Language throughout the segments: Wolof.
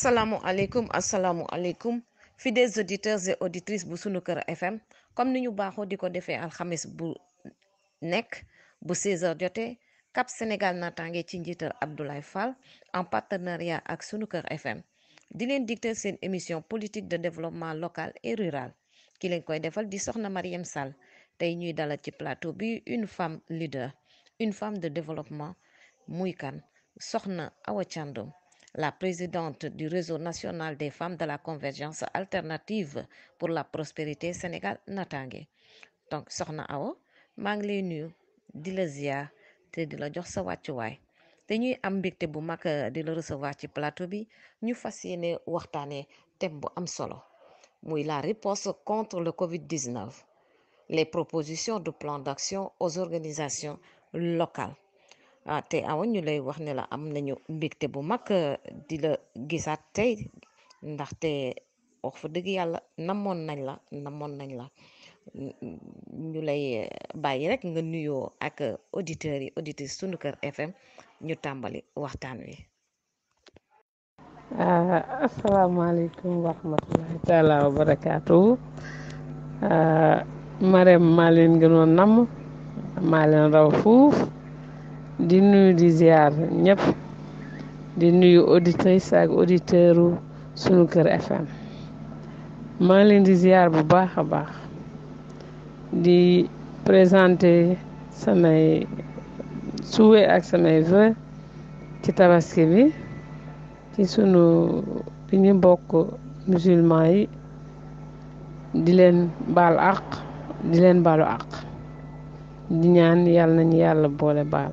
Assalamu alaikum, assalamu alaikum, fidèles auditeurs et auditrices de sunu FM comme ni ñu baaxoo di ko defee alxamis bu nekk bu 16h Cap Sénégal pas ci njiital Abdoulaye Fall en partenariat avec sunu FM di leen dicté une émission politique de développement local et rural qui l'a koy defal di soxna Mariam Sall ñuy plateau une femme leader une femme de développement muy kan soxna la présidente du réseau national des femmes de la convergence alternative pour la prospérité Sénégal natange donc Sorna Ao, maa ngi lay nuyu di la ziar te di la jox sa ñuy am euh, recevoir ci plateau bi ñu fas yéene waxtaanee bu la réponse contre le Covid-19 les propositions de plan d'action aux organisations locales ah te awa ñu lay wax ne la am nañu mbégte bu mag euh, di la gisaat tey ndaxte wax fa dëgg yàlla namoon nañ la namoon nañ la ñu lay euh, bàyyi rek nga nuyoo ak euh, auditeurs yi auditrices sunu kër FM ñu tàmbali waxtaan wi. Ah, asalaamaaleykum wa rahmatulahi taala wa ah, maa leen gënoon nam maa leen raw fuuf. di nuyu di ziar ñëpp di nuyu auditrice ak auditeur sunu kër FM maa ngi leen di ziar bu baax a baax di présenter samay souhait ak samay vœux ci tabaski bi ci sunu bi ñu bokk musulman yi di leen baal àq di leen baalu àq di ñaan yàlla nañu yàlla boole baal.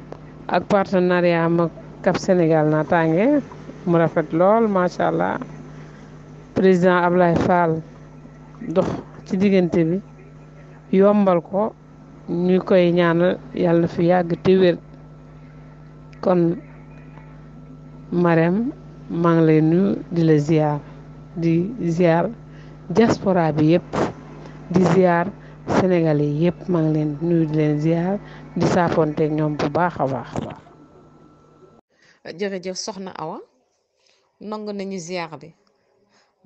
ak partenariat am ak Cap Sénégal naataange mu rafet lool macha allah président Ablaye Fall dox ci diggante bi yombal ko ñu koy ñaanal yàlla fi yàgg te wér kon Marème maa ngi lay nuyu di la ziar di ziar diaspora bi yëpp di ziar. Sénégalais yi yëpp maa ngi leen nuyu di leen ziar ñoom bu baax a baax a baax. jërëjëf soxna Awa nangu nañu ziar bi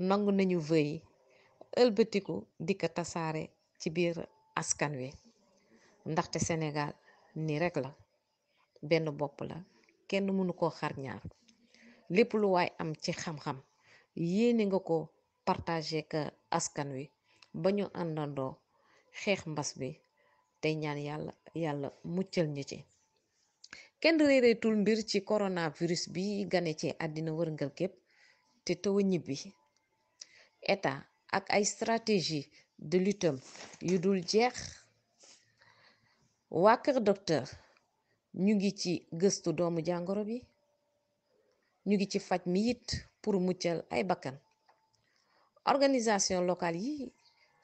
nangu nañu vëy yi ëlbatiku di ko tasaare ci biir askan wi ndaxte Sénégal nii rekk la benn bopp la kenn mënu koo xar ñaar lu waay am ci xam-xam yéene nga ko partagé ka askan wi ba ñu àndandoo. xeex mbas bi tey ñaan yàlla yàlla muccal ñu ci kenn réereetul mbir ci coronavirus bi gane ci àddina wërngël képp te taw a ñibbi état ak ay stratégie de lutte yu dul jeex waa kër docteur ñu ngi ci gëstu doomu jàngoro bi ñu ngi ci faj mi it pour muccal ay bakkan organisation locale yi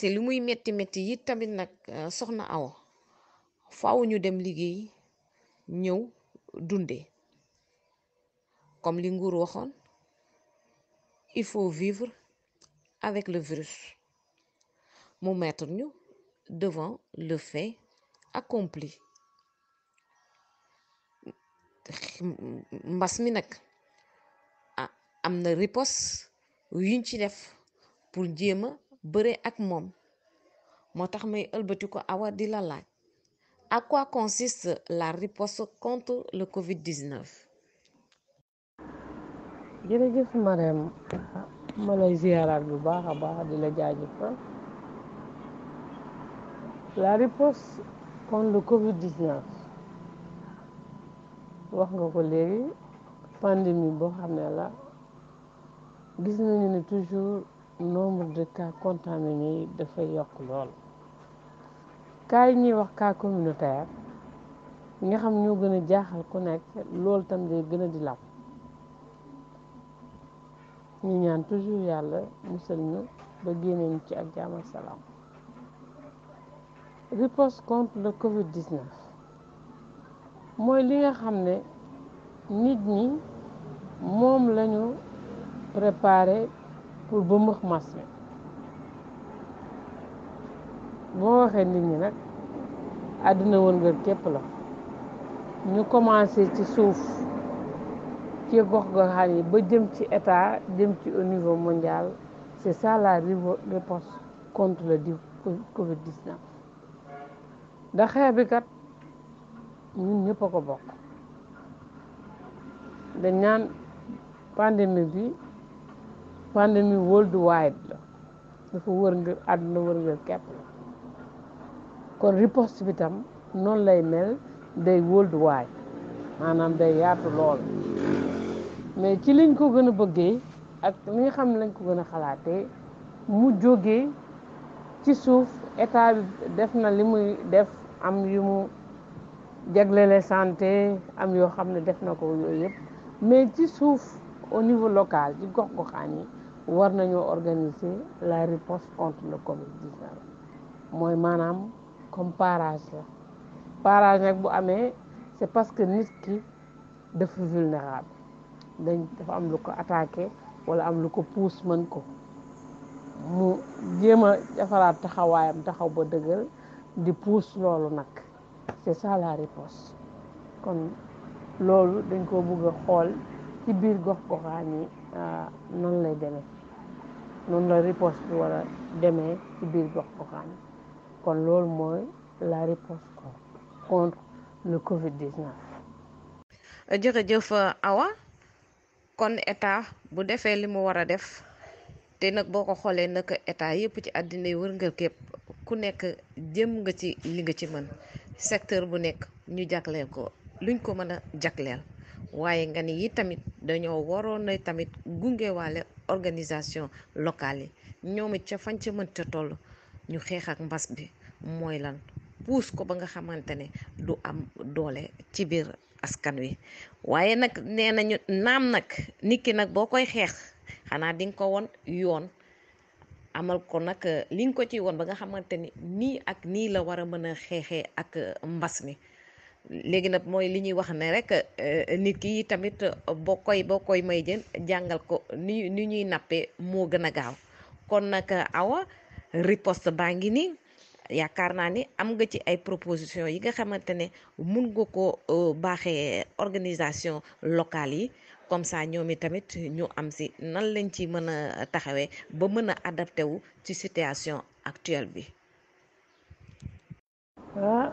te lu muy metti metti yi tamit nag euh, soxna awa faaw ñu dem liggéey ñëw dunde comme li nguur waxoon il faut vivre avec le virus mu mettre ñu devant le fait accompli mbas mi nag ah, am na riposte yuñ ci def pour jéema bëre ak moom moo tax may ëlbati awa di la laaj à quoi consiste la riposte contre le Covid-19 jërëjëf Marème ma lay ziaraat bu baax a baax di la jaajëfal la riposte contre le Covid-19 wax nga ko léegi pandémie boo xam ne la gis nañu ne toujours nombre de cas contaminés de dafa yokk lool cas yi ñuy wax cas communautaire ñi nga xam ñoo gën a jaaxal ku nekk loolu tam day di law ñu ñaan toujours yàlla musal ñu ba génneñ ci ak jaam ak salaam riposte contre le Covid-19 mooy li nga xam ne nit ñi moom lañu préparer. pour ba mëx mas mi boo waxee nit ñi nag àddina woon ngeen képp la ñu commencé ci suuf ci gox goxaan yi ba jëm ci état jëm ci au niveau mondial c'est ça la réponse contre le di Covid-19 ndax xeex bi kat ñun ñëpp ko bokk dañ naan pandémie bi pandémie worldwide la dafa wër ngir àdduna wër ngir la kon riposte bi tam noonu lay mel day worldwide maanaam day yaatu lool mais ci liñ ko gën a bëggee ak li nga xam ne lañ ko gën a xalaatee mu jógee ci suuf état def na li muy def am yu mu jaglele santé am yoo xam ne def na ko yooyu yëpp mais ci suuf au niveau local ci gox goxaan yi war nañoo organiser la réponse contre le covid mooy maanaam comme parage la parage nag bu amee c'est parce que nit ki dafa vulnérable dañ dafa am lu ko attaqué wala am lu ko puus mën ko mu jéem a defaraat taxawaayam taxaw ba dëgër di puus loolu nag c'est ça la réponse kon loolu dañ ko bëgg xool ci biir gox goxaan yi euh, noonu lay demee noonu la riposte bi war demee ci biir Porokhane kon loolu mooy la riposte contre le Covid 19. jërëjëf Awa kon état bu defee li mu war a def te nag boo ko xoolee nag état yëpp ci àddina yi wërngël képp ku nekk jëm nga ci li nga ci mën secteur bu nekk ñu jagleel ko luñ ko mën a jagleel. waaye nga ne yi tamit dañoo waroon na tamit gungewaale organisation locale yi ñoom it ca fañ ca mënta toll ñu xeex ak mbas bi mooy lan puus ko ba nga xamante ne du am doole ci biir askan wi waaye nag nee nañu naam nag nit ki nag boo koy xeex xanaa dinga ko won yoon amal ko nag li nga ko ci woon ba nga xamante ni nii ak nii la war a mën a xeexee ak mbas mi léegi nag mooy li ñuy wax ne rek euh, nit ki tamit boo koy boo koy may jën jàngal ko ni ni ñuy nappee moo gën a gaaw kon nag awa riposte baa ngi nii yaakaar naa ni am nga ci ay proposition yi nga xamante ne mun nga ko euh, baaxee organisation locale yi comme ça ñoom yi tamit ñu am si nan lañ ci mën a taxawee ba mën a adapté wu ci situation actuelle bi. Ah,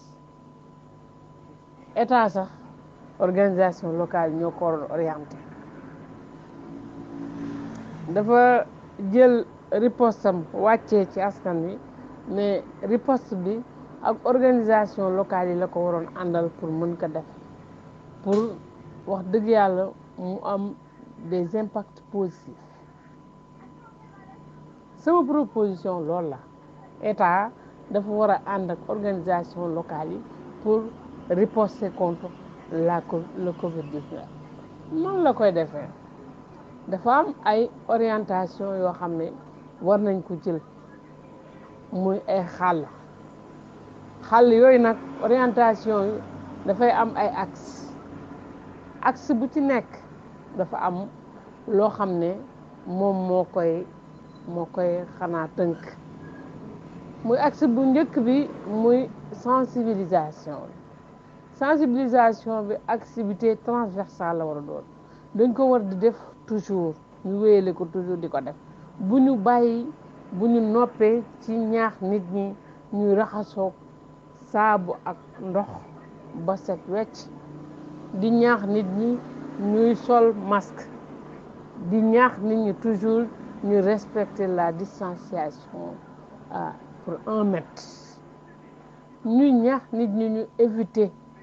état sax organisation locale ñoo ko orienté dafa jël riposte am wàccee ci askan wi mais riposte bi ak organisation locale yi la ko waroon àndal pour mën ko def pour wax dëgg yàlla mu am des impacts positifs sama proposition loolu la état dafa war a ànd ak organisation locale yi pour riposter contre la le Covid 19. noonu la koy defee dafa am ay orientation yoo xam ne war nañ ko jël muy ay xàll xàll yooyu nag orientation yi dafay am ay axe axe bu ci nekk dafa am loo xam ne moom moo koy moo koy xanaa tënk muy axe bu njëkk bi muy sensibilisation sensibilisation bi activité transversale la war toujours ñu wéyale ko toujours di def bu ñu bàyyi bu ñu noppee ci ñaax nit ñi sol masque di ñaax toujours respecter la distanciation euh, pour un mètre ñu ñaax éviter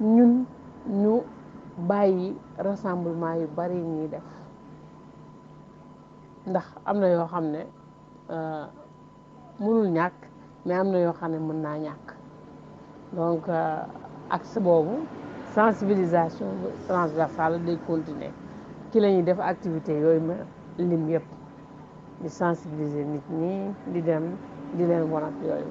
ñun ñu bàyyi rassemblement yu bari yi ñuy def ndax am na yoo xam ne euh, mënul ñàkk mais am na yoo xam ne mën naa ñàkk donc euh, axe boobu sensibilisation transversale day continuer ci la ñuy def activité yooyu ma lim yëpp di sensibiliser nit ñi di dem di leen wan yooyu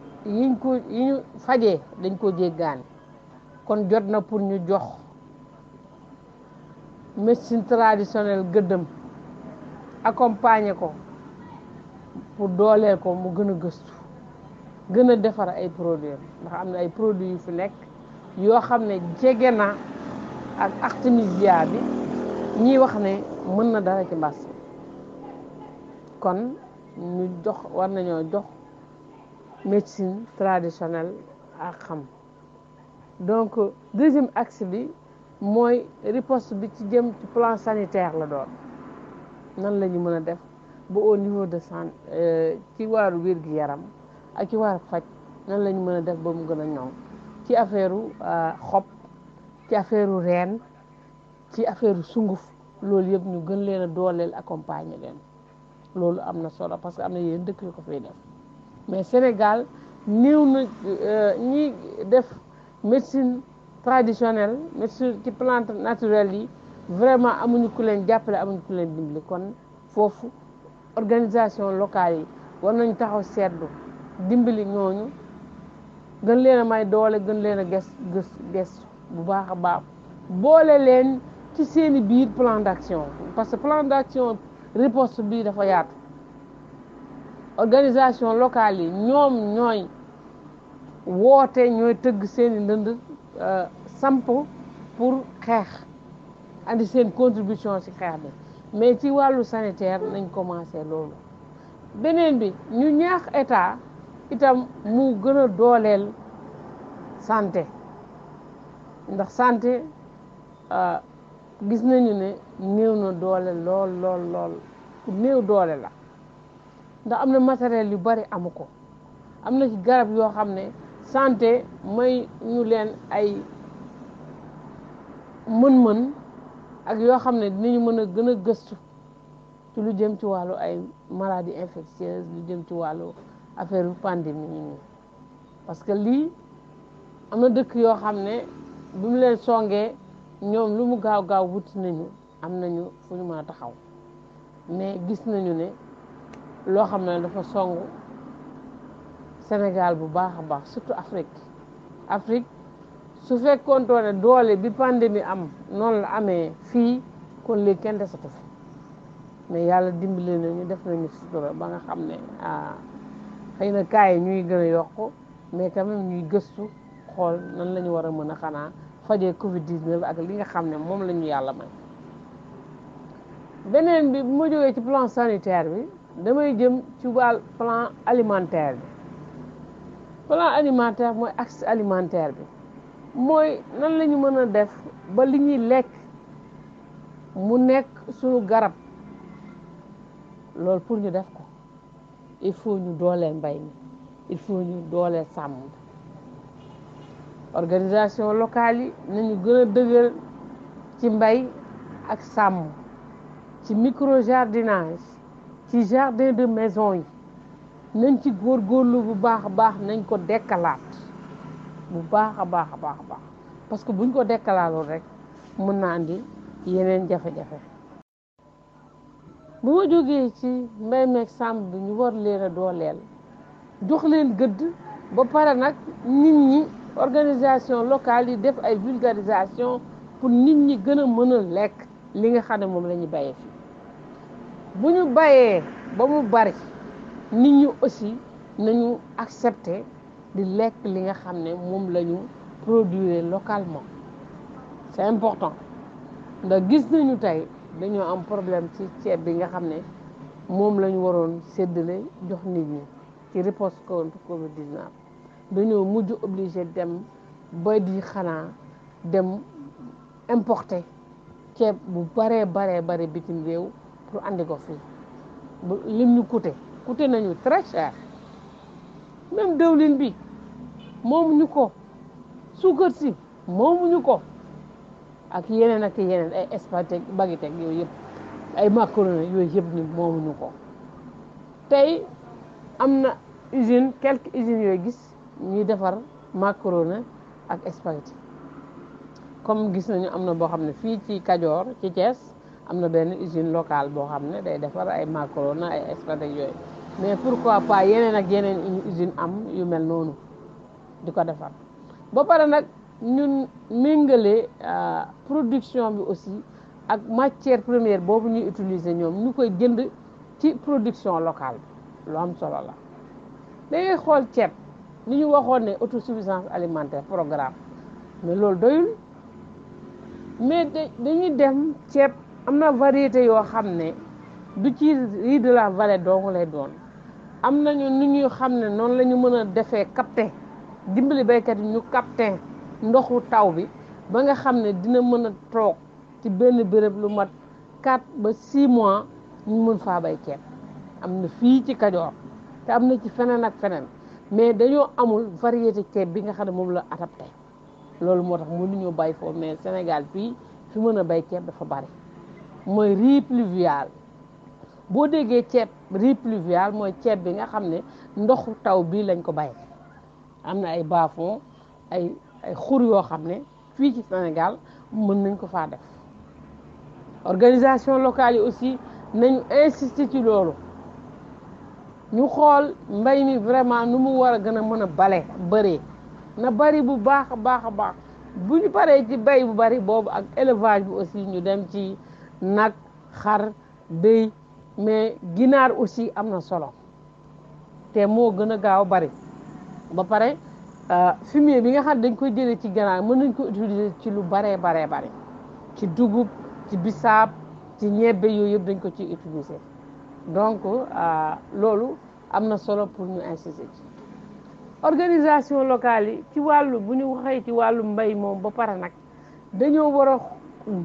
yiñ ko yi fajee dañ ko jéggaane kon jot na pour ñu jox médecine traditionnelle gëddëm accompagner ko pour dooleel ko mu gën a gëstu gën a defar ay produits ndax am na ay produits yu fi nekk yoo xam ne jege na ak artemisia bi ñiy wax ne mën na dara ci mbas kon ñu jox war nañoo jox médecine traditionnelle ak xam donc deuxième axe bi mooy riposte bi ci jëm ci plan sanitaire la doon nan la ñu mën a def ba au niveau de san euh, ci waaru wér gi yaram ak ci waar faj nan la ñu mën a def ba mu gën a ñoŋ ci affaire euh, xob ci affaire reen ci affaire sunguf loolu yëpp ñu gën leen a dooleel accompagner leen loolu am na solo parce que am na yeneen dëkk yu ko fay def mais Sénégal néew na euh, ñi def médecine traditionnel médecine ci plante naturelle yi vraiment amuñu ku leen jàppale amuñu ku leen dimbili kon foofu organisation locale yi war nañ taxaw seetlu dimbali ñooñu gën leen a may doole gën leen a ges ges gestu bu baax a baax boole leen ci seeni biir plan d'action parce que plan d'action riposte bii dafa yaatu organisation locale yi ñoom ñooy woote ñooy tëgg seeni ndënd euh, samp pour xeex andi seen contribution ci xeex bi mais ci wàllu sanitaire nañ commencé loolu beneen bi ñu ñaax état itam mu gën a dooleel sante ndax santé euh, gis nañu ne néew na doole lool lool lool néew doole la ndax am na matériel yu bari amu ko am na ci garab yoo xam ne santé may ñu leen ay mën-mën ak yoo xam ne dinañu mën a gën a gëstu ci lu jëm ci wàllu ay maladie infectieuse lu jëm ci wàllu affaire yu pandémie yi nii parce que lii am na dëkk yoo xam ne bi mu leen songee ñoom lu mu gaaw gaaw wuti nañu am nañu fu ñu mën a taxaw mais gis nañu ne loo xam ne dafa song Sénégal bu baax a baax surtout Afrique Afrique su fekkoontoon ne doole bi pandémie am noonu la amee fii kon léegi kenn desatu fi mais yàlla dimbali nañu def nañu sutura ba nga xam ne ah xëy na kaay ñuy gën a yokk mais quand ñuy gëstu xool nan la war a mën a xanaa fajee Covid 19 ak li nga xam ne moom lañu yàlla may beneen bi bu jógee ci plan sanitaire bi. damay jëm ci wàll plan alimentaire bi plan alimentaire mooy ak alimentaire bi mooy nan la ñu mën a def ba li ñuy lekk mu nekk sunu garab loolu pour ñu def ko il faut ñu dooleel mbay mi il faut ñu dooleel sàmm organisation locale yi nañu gën a dëgër ci mbay ak sàmm ci micro jardinage ci jardin de maison yi nañ ci góor góorgóorlu bu baax a baax nañ ko dekkalaat bu baax a baax a baax baax parce que buñ ko dekkalaaloon rek mën na andi yeneen jafe-jafe bu jógee ci mbay meeg sàmm bi ñu war leer a dooleel jox leen gëdd ba pare nag nit ñi organisation locale yi def ay vulgarisation pour nit ñi gën a mën a lekk li nga xam ne moom la ñu bàyyee buñu bayé ba mu bari nit ñi aussi nañu accepter di lekk li nga xam ne moom la produire localement c'est important ndax gis nañu tey dañoo am problème ci ceeb bi nga xam ne moom la ñu waroon séddale jox nit ñi ci riposte contre Covid 19 dañoo mujj obligé dem ba di xanaa dem importer ceeb bu bare bare bare bitim réew. pour andi ko fii lim ñu coûté coûté nañu très cher même dëwlin bi moomuñu ko suukar si moomuñu ko ak yeneen ak yeneen ay espatek bagitek yooyu yëpp ay macaroni yooyu yëpp ni moomuñu ko tey am na usine quelque usines yooyu gis ñuy defar macaroni ak spaghetti comme gis nañu am na boo xam ne fii ci Kajoor ci Thiès am na benn usine locale boo xam ne day defar ay macaroni ay espagnol yooyu mais pourquoi pas yeneen ak yeneen usine am yu mel noonu di ko defar ba pare nag ñun méngale euh, production bi aussi ak matière première boobu ñuy utiliser ñoom ñu koy jënd ci production locale bi lu am solo la dangay xool ceeb ni ñu waxoon ne autosuffisance alimentaire programme mais loolu doyul mais dañuy dem ceeb am na variété yoo xam ne du ci riz de la vallée dong lay doon am nañu nu ñuy xam ne noonu la ñu mën a defee capter dimbali baykat yi ñu capter ndoxu taw bi ba nga xam ne dina mën a toog ci benn béréb lu mat 4 ba 6 mois ñu mën faa bay ceeb am na fii ci Kajoor te am na ci feneen ak feneen mais dañoo amul variété ceeb bi nga xam ne moom la adapté loolu moo tax mënuñoo bay foofu mais Sénégal fii fi mën a bay ceeb dafa bari mooy riz pluvial boo déggee ceeb riz pluvial mooy ceeb bi nga xam ne ndoxu taw bii lañ ko bay am na ay baafon ay ay xur yoo xam ne fii ci Sénégal mën nañ ko faa def organisation locale yi aussi nañu insister ci loolu ñu xool mbay mi vraiment nu mu war a gën a mën a bale bëree na bari bu baax a baax a baax bu ñu paree ci bay bu bari boobu ak élevage bi aussi ñu dem ci nag xar béy mais ginaar aussi am na solo te moo gën a gaaw bari ba pare euh, fumier bi nga xam dañ koy jëlee ci ganaar mën nañ koo utiliser ci lu baree baree bari ci dugub ci bisaab ci ñebbe yooyu yëpp dañ ko ci utiliser donc euh, loolu am na solo pour ñu insister ci organisation locale yi ci wàllu bu ñu waxee ci wàllu mbay moom ba pare nag dañoo war a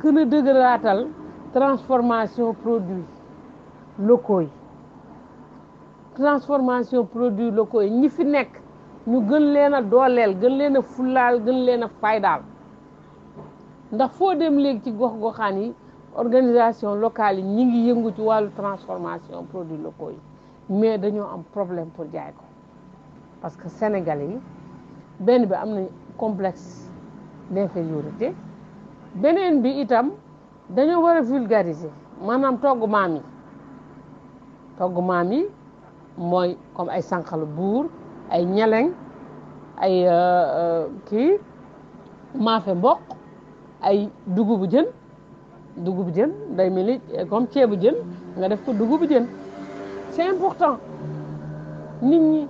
gën a dëgëraatal transformation produit loko yi transformation produit loko yi ñi fi nekk ñu gën leen a dooleel gën leen a fullaal gën leen a faydaal ndax foo dem léegi ci gox-goxaan yi organisation locale yi ñi ngi yëngu ci wàllu transformation produits loko yi mais dañoo am problème pour jaay ko parce que sénégalais yi benn bi am nañ complexe d'infériorité beneen bi itam dañoo war a vulgarisé maanaam togg maam yi togg maam mooy comme ay sànqalu buur ay ñeleng ay euh, euh, ki maafe mboq ay dugubu jën dugubu jën day mel ni comme ceebu jën nga def ko dugubu jën c'est important nit ñi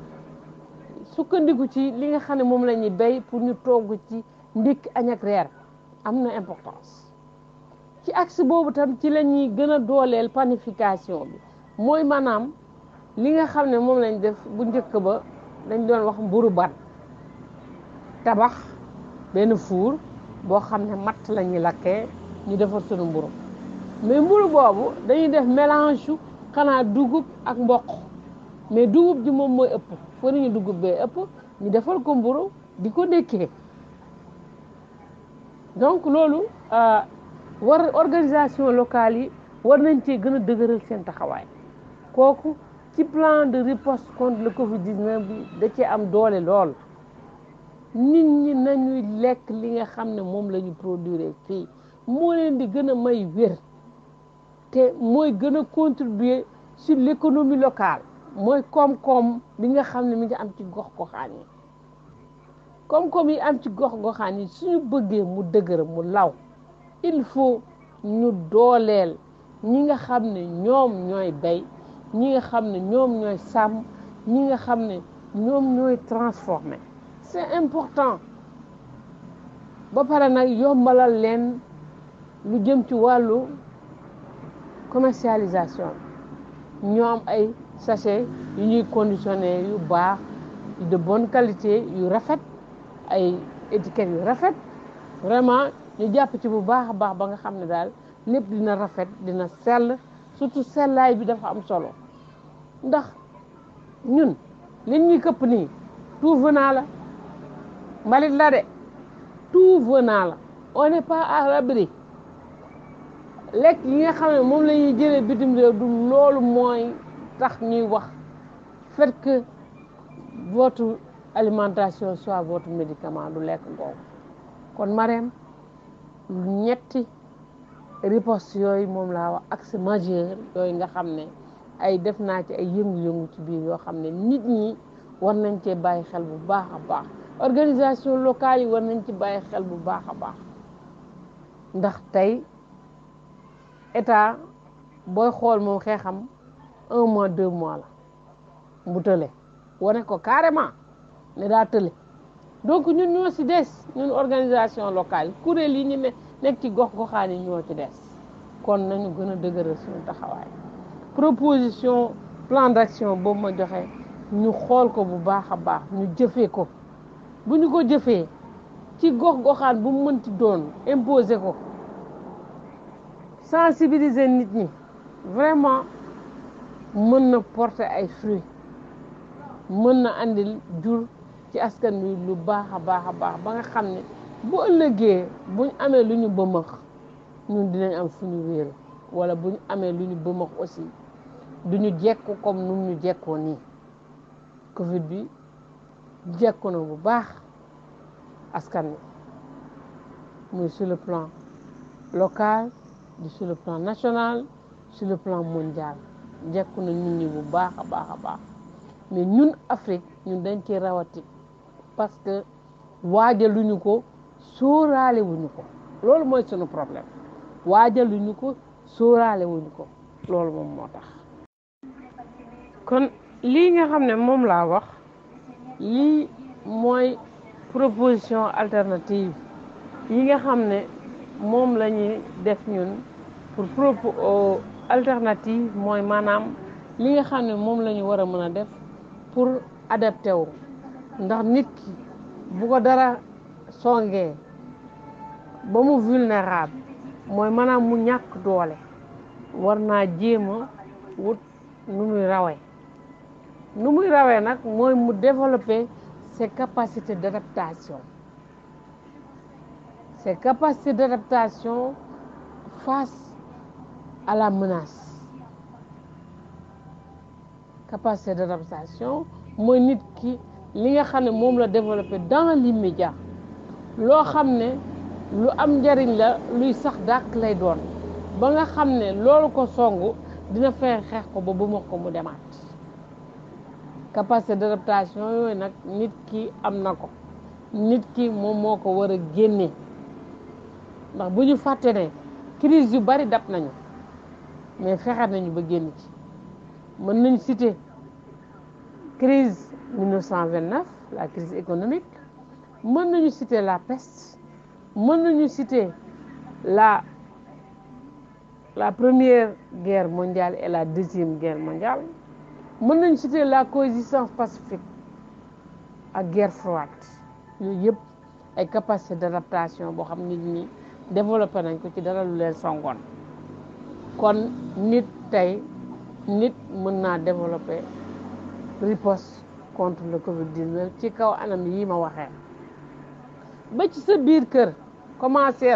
sukkandiku ci li nga xam ne moom la ñuy béy pour ñu togg ci ndékki añ am na importance ci axe boobu tam ci la ñuy gën a dooleel planification bi mooy maanaam li nga xam ne moom lañ def bu njëkk ba dañ doon wax mburu ban tabax benn fuur boo xam ne matt la ñuy lakkee ñu defar sunu mburu mais mburu boobu dañuy def mélange xanaa dugub ak mboq mais dugub ji moom mooy ëpp fa ñu dugub bee ëpp ñu defal ko mburu di ko dékkee donc loolu euh, war organisation locale yi war nañ cee gën a dëgëral seen taxawaay kooku ci plan de riposte contre le Covid 19 bi da cee am doole lool nit ñi nañuy lekk li nga xam ne moom la ñu produire fii moo leen di gën a may wér te mooy gën a contribuer sur l' locale mooy koom-koom bi nga xam ne mi ngi am ci gox goxaan yi koom-koom yi am ci gox goxaan yi suñu bëggee mu dëgër mu law il faut ñu dooleel ñi nga xam ne ñoom ñooy bay ñi nga xam ne ñoom ñooy sàmm ñi nga xam ne ñoom ñooy transformer c'est important ba pare nag yombalal leen lu jëm ci wàllu commercialisation ñoom ay sachet yu ñuy conditionné yu baax de bonne qualité yu rafet ay étiquettes yu rafet vraiment ñu jàpp ci bu baax a baax ba nga xam ne daal lépp dina rafet dina sell surtout sellaay bi dafa am solo ndax ñun liñ ñuy këpp nii tout venant la mbalit la de tout venant la on n'est pas à lekk yi nga xam ne moom lañuy ñuy jëlee bitim réew du loolu mooy tax ñuy wax fait que votre alimentation soit votre médicament du lekk googu kon Marème ñetti riposte yooyu moom laa wax axe majeur yooyu nga xam ne ay def naa ci ay yëngu-yëngu ci biir yoo xam ne nit ñi war nañ cee bàyyi xel bu baax a baax organisation locale yi war nañ ci bàyyi xel bu baax a baax ndax tey état booy xool moom xeexam un mois deux mois la bu tële wane ko carrément ne daa tële donc ñun ñoo ci des ñun organisation locale kuréel yi ñu ne nekk ci gox-goxaan yi ñoo ci des kon nañu gën a dëgëral suñu taxawaay proposition plan d'action boobu ma joxe ñu xool ko bu baax a baax ñu jëfee ko bu ñu ko jëfee ci gox-goxaan bu mënti doon imposer ko sensibiliser nit ñi vraiment mën na porter ay fruits mën na andil jur ci askan wi lu baax a baax a baax ba nga xam ne bu ëllëgee buñ amee lu ñu bëmëx ñun dinañ am fu ñu wéeru wala bu ñu amee lu ñu bëmëx aussi du ñu jekku comme nu ñu jekkoo nii Covid bi jekku na bu baax askan wi muy sur le plan local di sur le plan national sur le plan mondial jekku na nit ñi bu baax a baax a baax mais ñun Afrique ñun dañ ci rawati parce que waajaluñu ko sóoraale wuñu ko loolu moy sunu problème waajaluñu ko sóoraale wuñu ko loolu mom motax kon li nga xamné mom la wax li moy proposition alternative yi nga xamné mom lañuy def ñun pour propos euh, alternative moy manam li nga xamné mom moom wara mëna def pour adapter wu ndax nit ki bu dara songee ba mu vulnérable mooy manaam mu ñàkk doole war naa jéema a wut nu muy rawee nu muy rawee nag mooy mu développer ses capacité d'adaptation ses capacités d'adaptation face à la menace capacité d'adaptation mooy nit ki li nga xam ne la développé dans l'immédiat loo ne lu am la luy sax dàq lay doon ba ne ko songu dina fexe xeex ko ko mu capacité d'adaptation yooyu nag nit ki am na nit ki moom moo ko war crise yu bari dab nañu mais fexe nañu crise 1929 la crise économique ne nañu citer la peste mën nañu citer la la première guerre mondiale et la deuxième guerre mondiale ne nañu citer la coexistence pacifique à guerre froide Nous avons une capacité d'adaptation pour développer nit ñi développer nañ ko ci dara lu leen songoon riposte contre le Covid ci kaw anam yi ma waxee ba ci sa biir kër commencé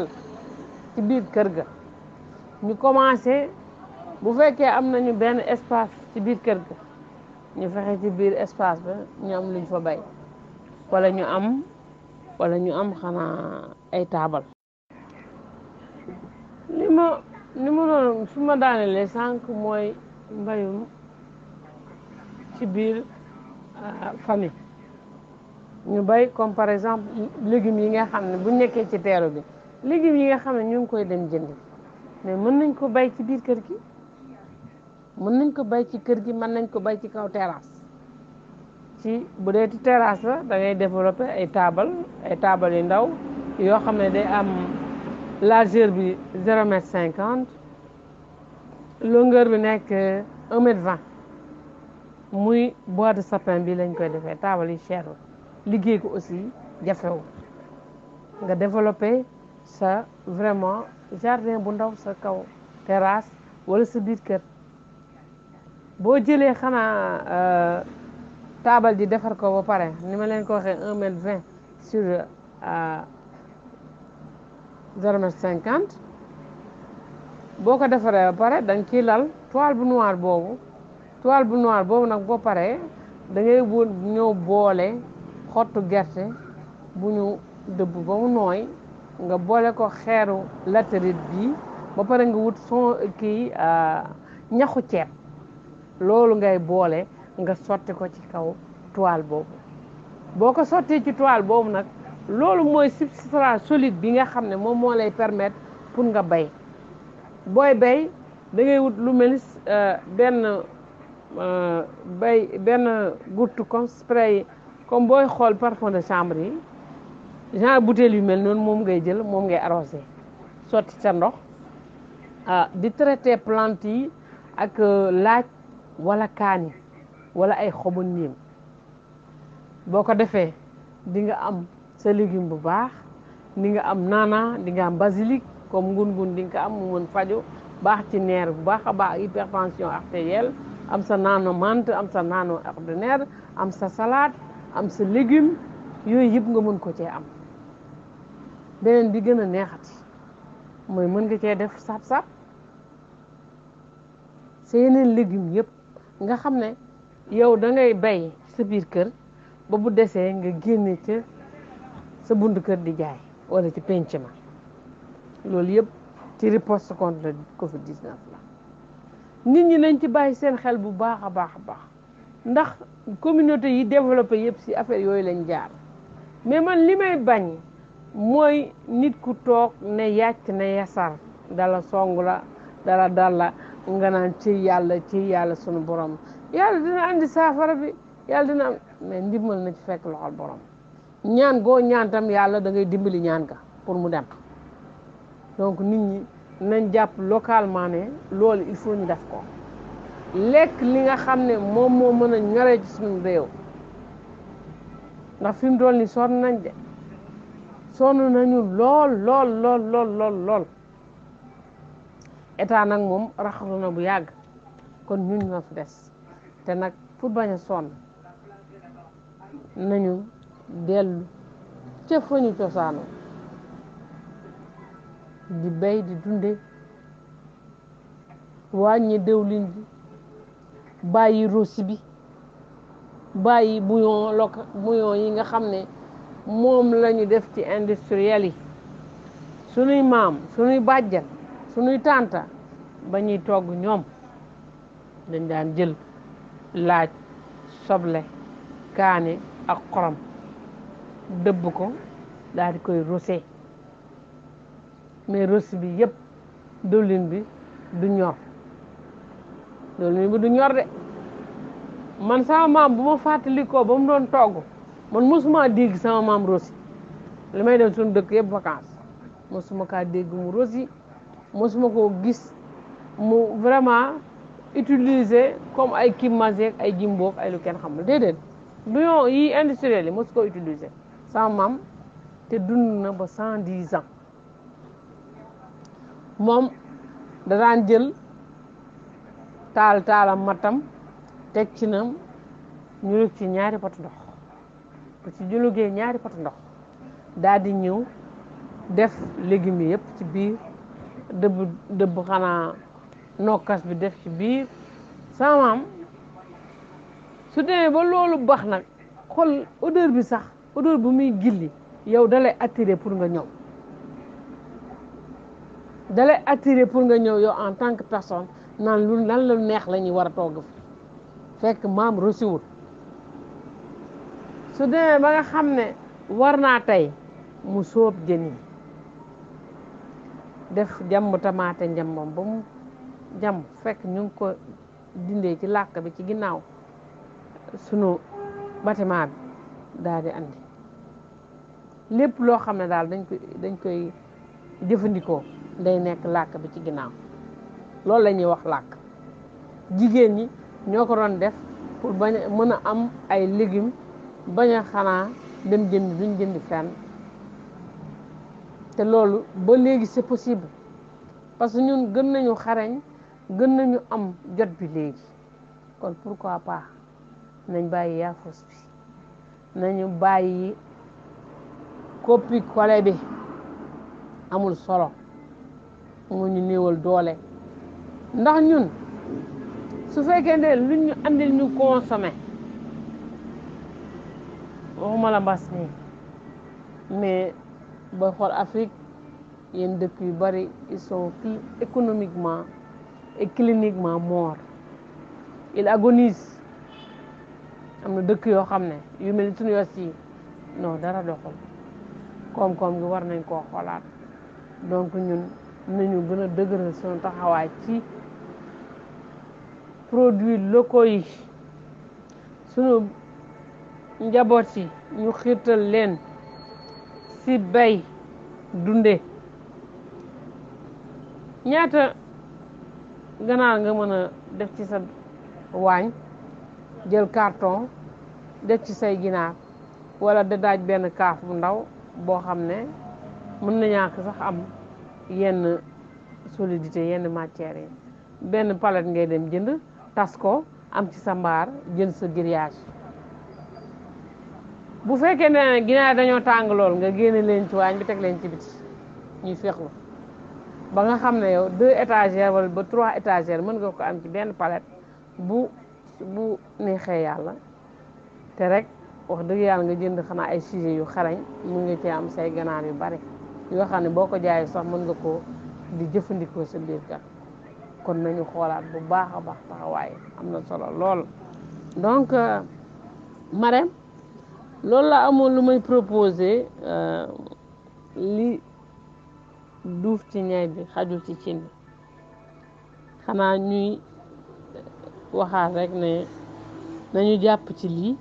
ci biir kër ga ñu commencé bu fekkee am nañu benn espace ci biir kër ga ñu fexe ci biir espace ba ñu am luñ fa bay wala ñu am wala ñu am xanaa ay taabal. li ma li ma doon fi daanelee sànq mooy mbayum ci biir. Ah, famille ñu bay comme par exemple légumes yi nga xam ne bu nekkee ci teeru bi légumes yi nga xam ne ñu ngi koy dem jëndi mais mën nañ ko bay ci biir kër gi mën nañ ko bay ci kër gi mën nañ ko bay ci kaw terrasse ci bu dee ci terrasse la dangay ngay ay taabal ay taabal yu ndaw yoo xam ne day am largeur bi zéro mètre cinquante longueur bi nekk un mètre vingt muy bois de sapin bi lañ koy defee taabal yi cherul liggéey ko aussi jafewul nga développé sa vraiment jardin bu ndaw sa kaw terrasse wala sa biir kër boo jëlee xanaa euh, taabal di defar ko ba pare ni ma leen ko waxee un mètre vingt sur euh, zéro mètre cinquante boo ko defaree ba pare da nga ciy lal toile bu noir boobu toile bu noire boobu nag boo paree da ngay wë ñëw boole xottu gerte bu ñu dëbb ba mu nooy nga boole ko xeeru latérite bi ba pare nga wut son kii euh, ñaxu ceeb loolu ngay boole nga sotti ko ci kaw toile boobu boo ko sottee ci toile boobu nag loolu mooy substrat solide bi nga xam ne moom moo lay permettre pour nga bay booy bay dangay wut lu mel euh, benn Euh, bay ben goutte comme spray comme boy xol parfum de chambre yi genre bouteille yu mel non mom ngay jël mom ngay arroser soti sa ndox ah di traiter plante yi ak euh, laaj wala kani wala ay xobu nim boko defé di nga am sa légume bu baax ni nga am nana di nga am basilic comme ngun ngun di nga am mu mën fajo baax ci nerf bu baax baax hypertension artérielle am sa naano menthe am sa naano ordinaire am sa salade am sa légume yooyu yëpp nga mën ko cee am beneen bi gën a neexati mooy mën nga cee def sab-sab sa yeneen légume yëpp nga xam ne yow da ngay bay sa biir kër ba bu desee nga génne ca sa bund kër di jaay wala ci penc ma loolu yëpp ci riposte contre Covid-19 la nit ñi nañ ci bàyyi seen xel bu baax a baax a baax ndax communauté yi développé yëpp si affaire yooyu lañ jaar mais man li may bañ mooy nit ku toog ne yàcc na yasar dala song la dala dala nga naan ci yàlla ci yàlla sunu borom yàlla dina andi saafara bi yàlla dina am mais ndimbal na ci fekk loxol borom ñaan goo ñaan tam yàlla da ngay dimbali ñaan ga pour mu dem donc nit ñi nañ jàpp localement ne loolu il faut ñu def ko lekk li nga xam ne moom moo mën a ñoree ci suñu réew ndax fi mu ni soon nañ de sonn nañu lool lool lool lool lool état nag moom raxasu na bu yàgg kon ñun ñoo fi des te nag fu bañ a soon nañu dellu ca fa cosaanu di bay di dunde wàññi dëwlin bi bàyyi rosi bi bàyyi bouillon local yi nga xam ne moom lañu ñu def ci industriel yi sunuy maam sunuy bàjjan sunuy tànta ba ñuy togg ñoom dañ daan jël laaj soble kaani ak xorom dëbb ko daal koy rosé mais rossi bi yëpp diwlin bi du ñor diwlin bi du ñor de man sama maam bu ma ko ba mu doon togg man mosuma dégg sama maam rossi li may dem suñu dëkk yëpp vacances mosuma kaa dégg mu rossi mosuma koo gis mu vraiment utiliser comme ay kimmaseeg ay jimboog ay lu kenn xamul déedéet bouillon yi industriel yi mosu ko utilise sama mam te dund na ba cent dix ans moom da daan jël taal taalam matam teg ci nam ñu lug ci ñaari pot ndox bu ci julugee ñaari pot ndox daal di ñëw def légumes yi yëpp ci biir dëbb dëbb xanaa nokkas bi def ci biir sama su demee ba loolu baax nag xol odeur bi sax odeur bu muy gilli yow dalay attiré pour nga ñëw dalay attirer pour nga ñëw yow en tant que personne nan lu lan la neex la ñuy war a togg fekk maam rësiwul su demee ba nga xam ne war naa tey mu sóob jën yi def jàmb tamaate njambam ba mu jàmb fekk ñu ngi ko dindee ci làkk bi ci ginnaaw sunu bâtiment bi daal andi lépp loo xam ne daal dañ koy jëfandikoo day nekk làkk bi ci ginnaaw loolu la ñuy wax làkk jigéen ñi ñoo ko doon def pour ba mën a am ay légumes bañ a xanaa dem jënd duñ jënd fenn te loolu ba léegi c'est possible parce que ñun gën nañu xarañ gën nañu am jot bi léegi kon pourquoi pa nañ bàyyi yaafus bi nañu bàyyi copie collé bi amul solo moo ñu néewal doole ndax ñun su fekkee ne luñ ñu andil ñu consommé waxuma la mbas nii mais booy xool Afrique yenn dëkk yu bari ils sont économiquement et cliniquement mort il agonise am na dëkk yoo xam ne yu mel ni suñu yos yi non dara doxul koom-koom gi war nañ koo xoolaat donc ñun nañu gën a dëgëral sunu taxawaay ci produits locaux yi sunu njaboot yi ñu xiirtal leen ci bay dunde ñaata ganaar nga mën a def ci sa waañ jël karton def ci say ginaar wala da daaj benn kaaf bu ndaw boo xam ne mën na ñàkk sax am yenn solidité yenn matières yi benn palette ngay dem jënd tas ko am ci sa mbaar jël sa grillage bu fekkee ne ginaar dañoo tàng lool nga génne leen ci waañ bi teg leen ci biti ñuy féexlu ba nga xam ne yow deux étagères wala ba trois étagères mën nga ko am ci benn palette bu bu neexee yàlla te rek wax dëgg yàlla nga jënd xanaa ay sujet yu xarañ mun nga cee am say ganaar yu bari yoo xam ne boo ko jaayee sax mën nga ko di jëfandikoo sa biir kër kon nañu xoolaat bu baax a baax taxawaay am na solo lool donc euh, Marème loolu la amoon lu may proposé euh, li duuf ci ñay bi xajul ci cin bi xanaa ñuy euh, waxaat rek ne nañu jàpp ci lii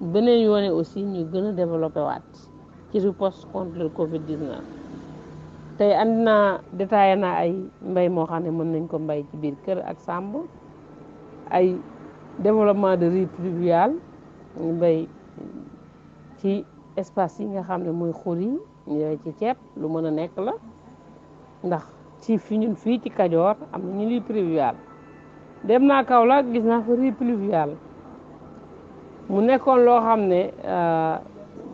beneen yoone aussi ñuy gën a développé waat ci riposte contre le Covid 19 tey andi naa détaillé naa ay mbay moo xam ne mën nañ ko mbay ci biir kër ak sàmb ay développement de riz pluvial mbay ci espace yi nga xam ne mooy xur yi ci ceeb lu mën a nekk la ndax ci fi ñun fii ci Kajoor am na ñu riz pluvial dem naa Kaolack gis naa fa riz pluvial mu nekkoon loo xam ne euh,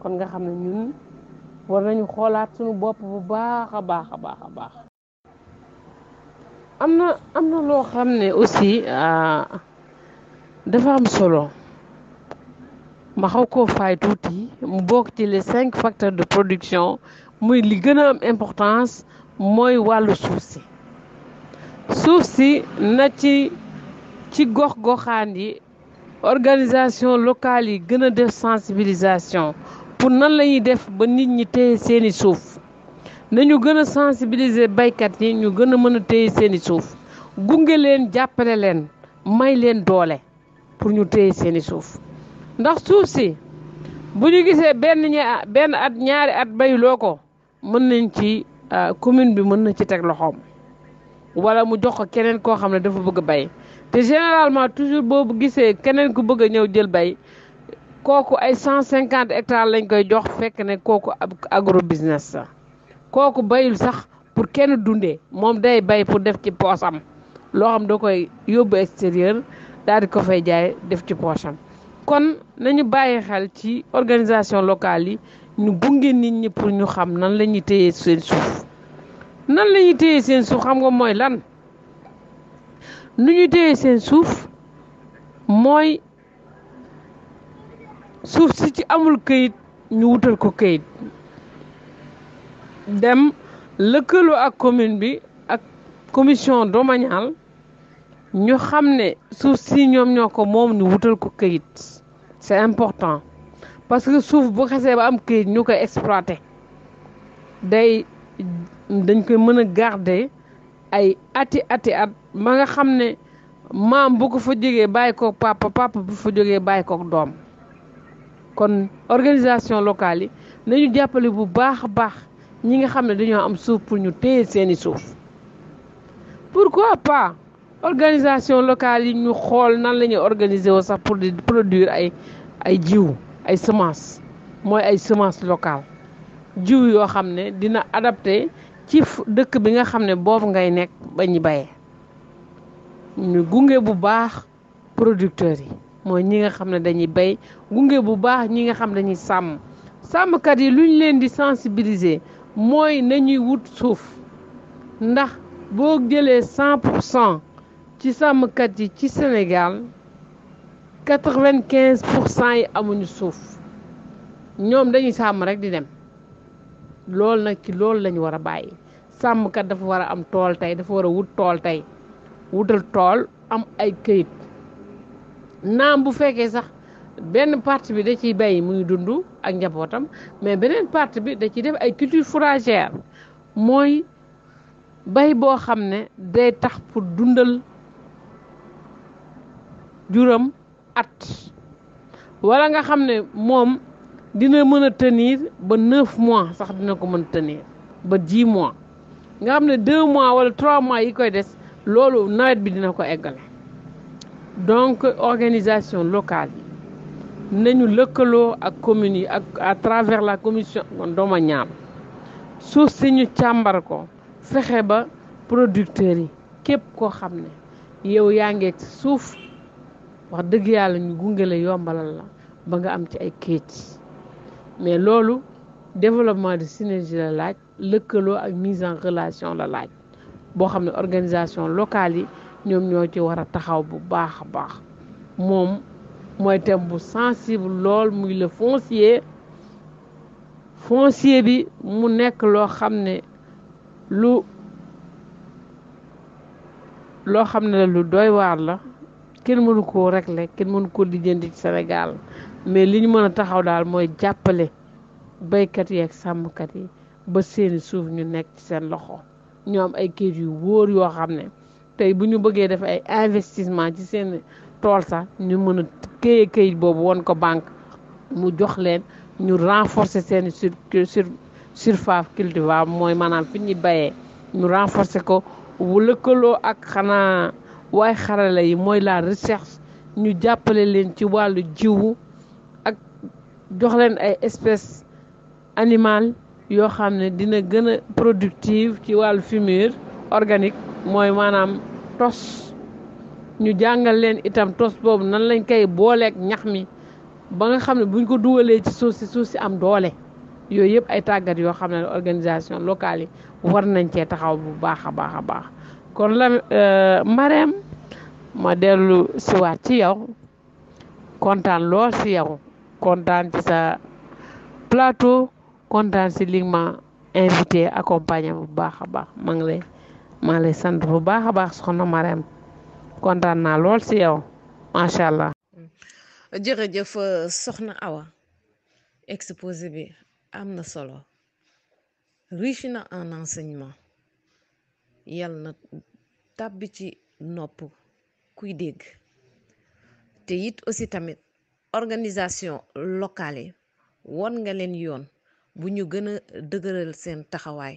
kon nga xam ne ñun war nañu xoolaat suñu bopp bu baax a baax a baax a baax am na am na loo xam ne aussi ah, dafa am solo ma xaw koo fay tuuti mu bokk ci les cinq facteurs de production muy li gën a am importance mooy wàllu suuf si suuf si na ci ci gox goxaan yi organisation locale yi gën a def sensibilisation pour nan lañuy def ba nit ñi téye seeni suuf nañu gën a sensibiliser baykat yi ñu gën a mën a téye seeni suuf gunge leen jàppale leen may leen doole pour ñu téye seeni suuf ndax suuf si bu ñu gisee benn ña benn at ñaari at bayuloo ko mën nañ ci euh, commune bi mën na ci teg loxoom wala mu jox ko keneen koo xam ne dafa bëgg a bay te généralement toujours boobu gisee keneen ku bëgg a ñëw jël bay kooku ay cent cinquante hectares lañ koy jox fekk ne kooku agro business sa kooku bayul sax pour kenn dundee moom day bay pour def ci poosam loo xam da koy yóbbu extérieur daal di ko fay jaay def ci poosam kon nañu bàyyi xel ci organisation locale yi ñu gunge nit ñi pour ñu xam nan la ñuy téyee seen suuf nan la ñuy téyee seen suuf xam nga mooy lan nu ñuy téyee seen suuf mooy suuf si ci amul këyit ñu wutal ko këyit dem lëkkaloo ak commune bi ak commission domaniale ñu xam ne suuf si ñoom ñoo ko moom ñu wutal ko këyit c'est important parce que suuf bu xasee ba am këyit ñu koy exploité day dañ koy mën a garder ay ati ati at ma nga xam ne maam bu ko fa jógee bàyyi koog papa papa bu fa jógee bàyyi koog doom kon organisation locale yi nañu jàppale bu baax a baax ñi nga xam ne dañoo am suuf pour ñu téye seeni suuf pour quoi pas organisation locale yi ñu xool nan la ñuy organiser woo sax pour di produire ay ay jiw ay semence mooy ay semence locale jiw yoo xam ne dina adapté ci dëkk bi nga xam ne boobu ngay nekk ba ñu bayee ñu gunge bu baax producteurs yi mooy ñi nga xam ne dañuy bay gunge bu baax ñi nga xam dañuy sàmm sàmmkat yi lu ñu leen di sensibiliser mooy nañuy wut suuf ndax boo jëlee cent ci sàmmkat yi ci Sénégal quatre-vingt-quinze pour yi amuñu suuf ñoom dañuy sàmm rek di dem loolu nag ci loolu lañu war a bàyyi sàmmkat dafa war a am tool tey dafa war a wut tool tey wutal tool am ay këyit naam bu fekkee sax benn partie bi da ciy bay muy dund ak njabootam mais beneen partie bi da ciy def ay culture fourragère mooy bay boo xam ne day tax pour dundal juróom at wala nga xam ne moom dina mën a tenir ba neuf mois sax dina ko mën a ba dix mois nga xam ne deux mois wala trois mois yi koy des loolu nawet bi dina ko eggale donc organisation locale Nous lëkkaloo ak commune yi ak à travers la commission Dooma sous suuf si ñu ko producteurs yi képp koo xam yow yaa ngeeg suuf wax ñu yombalal mais développement de synergie la laaj lëkkaloo ak mise en relation la laaj boo xam organisation locale ñoom ñoo ci war a taxaw bu baax a baax moom mooy thème bu sensible lool muy la foncier foncier bi mu nekk loo xam ne lu loo xam ne lu doy waar la kenn mënu koo régler kenn mënu koo lijjanti ci Sénégal mais li ñu mën a taxaw daal mooy jàppale baykat yi ak sàmmkat yi ba seeni suuf ñu nekk ci seen loxo ñoom ay kayit yu wóor yoo xam ne tey bu ñu bëggee def ay investissement ci seen tool sax ñu mën a këye këyit boobu woon ko banque mu jox leen ñu renforcer seen sur sur surface cultivable mooy maanaam fi ñuy bayee ñu renforcer ko wu lëkkaloo ak xanaa waaye xarala yi mooy la recherche ñu jàppale leen ci wàllu jiwu ak jox leen ay espèces animal yoo xam ne dina gën a productive ci wàllu fumier organique mooy maanaam tos ñu jàngal leen itam tos boobu nan lañ koy booleeg ñax mi ba nga xam ne buñ ko duwalee ci suuf si suuf si am doole yooyu yëpp ay tàggat yoo xam ne organisation locale yi war nañ cee taxaw bu baax a baax a baax kon la euh, Marème ma dellu siwaat ci yow kontaan lool si yow kontaan ci sa plateau kontaan si li ma invité accompagné bu baax a baax maa ngi lay maa lay sant bu baax a baax soxna Marème kontaan naa lool si yow macha allah. jërëjëf euh, soxna Awa exposé bi am na solo riche na en enseignement yal na tàbbi ci nopp kuy dégg te it aussi tamit organisation locale yi won nga leen yoon bu ñu gën a dëgëral seen taxawaay.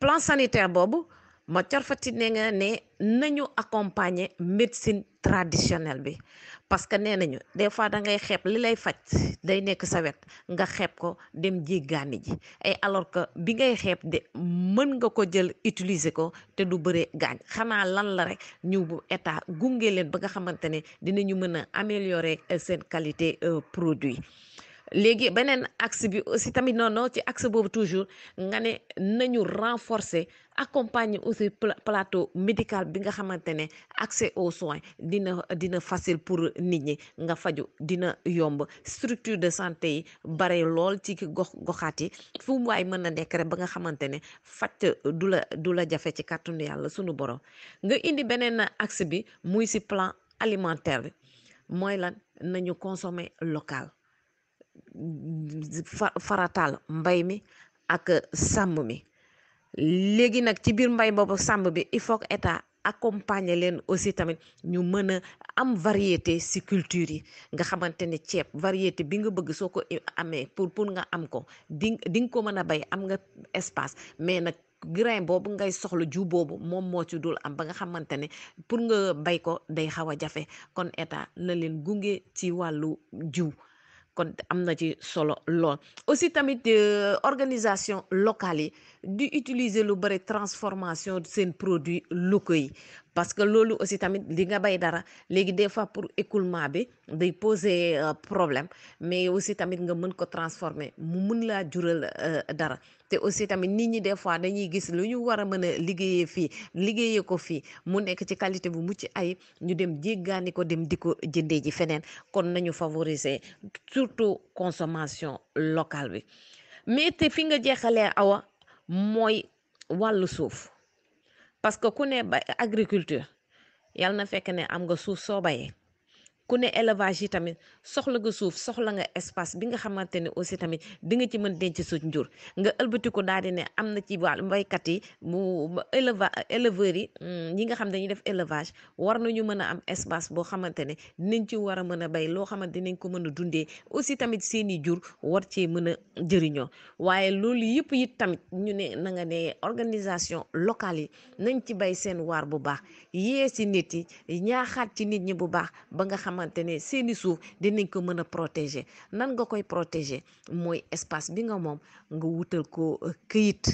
plan sanitaire boobu Mathior Fati ne nga ne nañu accompagner médecine traditionnelle bi parce que nee nañu des fois da ngay xeeb li lay faj day nekk sa wet nga xeeb ko dem gaani ji ay alors que bi ngay xeeb de mën nga ko jël utiliser ko te du bëree gaañ xanaa lan la rek ñu bu état gunge leen ba nga xamante ne dinañu mën a améliorer euh, seen qualité euh, produit. léegi beneen axe bi aussi toujours nga ne nañu renforcer accompagner aussi plateau médical bi nga accès aux soins dina facile pour nit ñi nga faju dina yomb structure de santé yi bare lool ci gox goxaat fu waay mën na ba la jafe ci plan consommer local. farataal mbay mi ak sàmm mi léegi nag ci biir mbay boobu sàmm bi il faut que état accompagner leen aussi tamit ñu mën a am variété ci culture yi nga xamante ne ceeb variété bi nga bëgg soo ko amee pour pour nga am ko di nga ko mën a bay am nga espace mais nag grain boobu ngay soxla jiw boobu moom moo ci dul am ba nga xamante ne pour nga bay ko day xaw a jafe kon état na leen gunge ci wàllu jiw ci solo aussi tamit euh, organisation locale yi di utiliser lu transformation ces produits locaux parce que lolu aussi tamit li nga bay dara léegi des fois pour écoulement bi day poser euh, problème mais aussi tamit nga mën ko transformer mu mën la jural euh, dara té aussi tamit nit ñi des fois dañuy gis lu ñu wara mëna mën fi liggéeyee ko fi mu nekk ci qualité bu mucc ay ñu dem jéggaani ko dem diko jëndé ji fenen kon nañu favoriser surtout consommation locale bi mais té fi nga jéxalé awa moy walu suuf parce que ku ne ba agriculture yal na fekk ne am nga suuf soo bayee ku ne élevage yi tamit soxla nga suuf soxla nga espace bi nga xamante ne aussi tamit di nga ci mën denc sa njur nga ëlbatiku daal di ne am na ci wàllu mbaykat yi mu éleva éleveurs yi mm, ñi nga xam dañuy def élevage war nañu mën a am espace boo xamante ne dinañ ci war a mën a bay loo xamante dinañ ko mën a dundee aussi tamit seen i jur war cee mën a jëriñoo waaye loolu yëpp it tamit ñu ne na nga ne organisation locale yi nañ ci bay seen waar bu baax yee si nit yi ñaaxaat ci nit ñi bu baax ba nga xam xamante ne seeni suuf dinañ ko mën a protéger nan nga koy protéger mooy espace bi nga moom nga wutal ko euh, këyit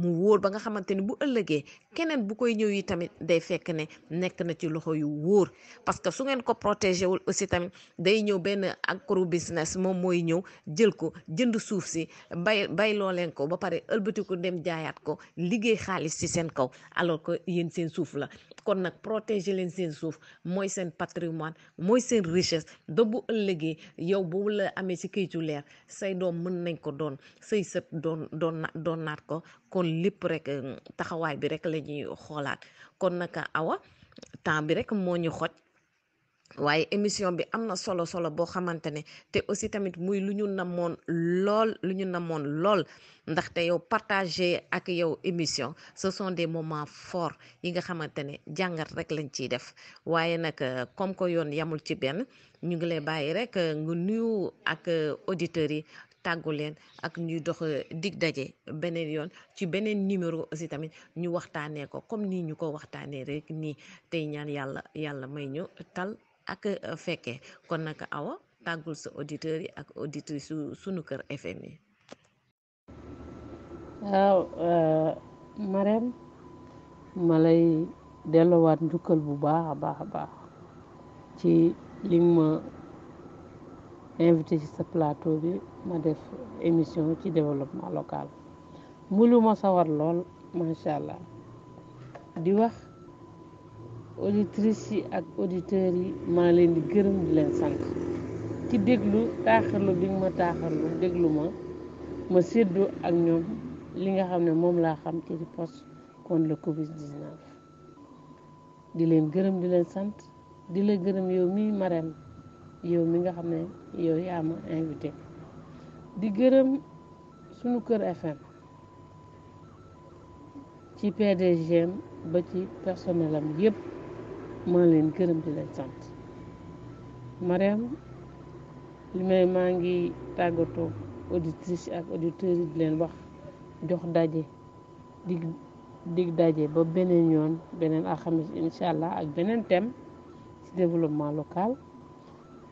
mu wóor ba nga xamante ne bu ëllëgee keneen bu koy ñëw yi tamit day fekk ne nekk na ci loxo yu wóor parce que su ngeen ko protégé wul aussi tamit day ñëw benn ak agro business moom mooy ñëw jël ko jënd suuf si bay bayloo leen ko ba pare ëlbatiku dem jaayaat ko liggéey xaalis ci seen kaw alors que yéen seen suuf la kon nag protéger leen seen suuf mooy seen patrimoine mooy seen richesse ba bu ëllëgee yow boobu la amee si këyitu leer say doom mën nañ ko doon sëy sët doon doon doon naat ko kon lépp rek taxawaay bi rek ñu xoolaat kon naka awa temps bi rek moo ñu xoj waaye émission bi am na solo solo boo xamante ne te aussi tamit muy lu ñu namoon lool lu ñu namoon lool ndaxte yow partage ak yow émission ce sont moment moments yi nga xamante ne jàngat rek lañ ciy def waaye nag euh, comme que yoon yamul ci benn ñu ngi lay bàyyi rek euh, nga nuyu ak euh, auditeurs yi tàggu leen ak ñuy dox euh, dig daje beneen yoon ci beneen numéro aussi tamit ñu waxtaanee ko comme nii ñu ko waxtaanee rek nii tey ñaan yàlla yàlla may ñu tal ak euh, fekkee kon nag awa tàggul sa auditeurs yi ak auditrices su sunu kër FM yi. waaw euh, Marème ma lay delloowaat njukkal bu baax baax baax ci li ma. invité ci sa plateau bi ma def émission ci développement local mu lu ma sawar lool macha allah di wax auditrices yi ak auditeurs yi maa leen di gërëm di leen sant ci déglu taaxarlu bi nga ma taaxarlu déglu ma ma séddoo ak ñoom li nga xam ne moom laa xam ci riposte contre le Covid 19 di leen gërëm di leen sant di la gërëm yow mii Marème yow mi nga xam ne yow yaa ma invité di gërëm sunu kër FM ci PDG ba ci personnel am yëpp maa leen gërëm di leen sant Mariam li may maa ngi tàggatoo auditrice ak auditeurs yi di leen wax jox daje dig dig daje ba beneen yoon beneen alxamis incha allah ak beneen thème ci développement local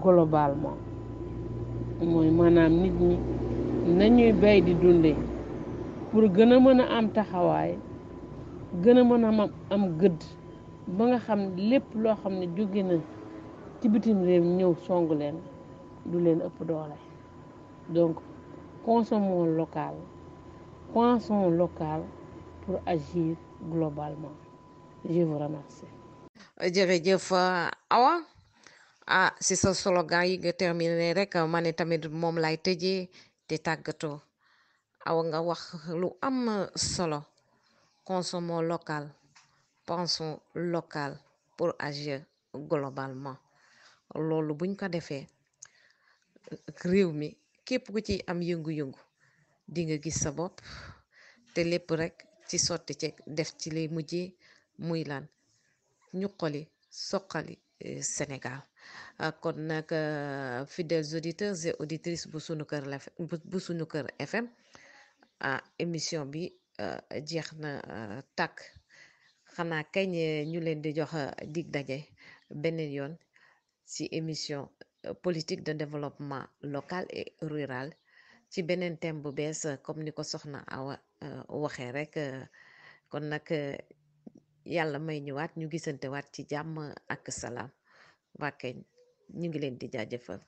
globalement mooy manaam nit ñi nañuy bay di dunde pour gën a mën a am taxawaay gën a mën a am gëdd ba nga xam lépp loo xam ne jóge na ci bitim réew ñëw song leen du leen ëpp doole donc consommons local pensons local pour agir globalement je vous remercie jërëjëf Awa ah si sa slogan yi nga terminé rek ma ne tamit moom lay tëjee te tàggatoo aw nga wax lu am solo consommons local pensons pour agir globalement loolu buñ ko defee réew mi képp ku ci am yëngu-yëngu di nga gis sa bopp te lépp rekk ci sotti ci def ci lay mujjee muy lan ñuqali soqali Euh, Sénégal euh, kon nag euh, fidèles auditeurs et auditrices bu sunu kër la bu FM ah, émission bi émission politique de développement local et rural ci thème comme yàlla may ñëwaat ñu gisante waat ci jàmm ak salaam waa ñu ngi leen di jaajëfal.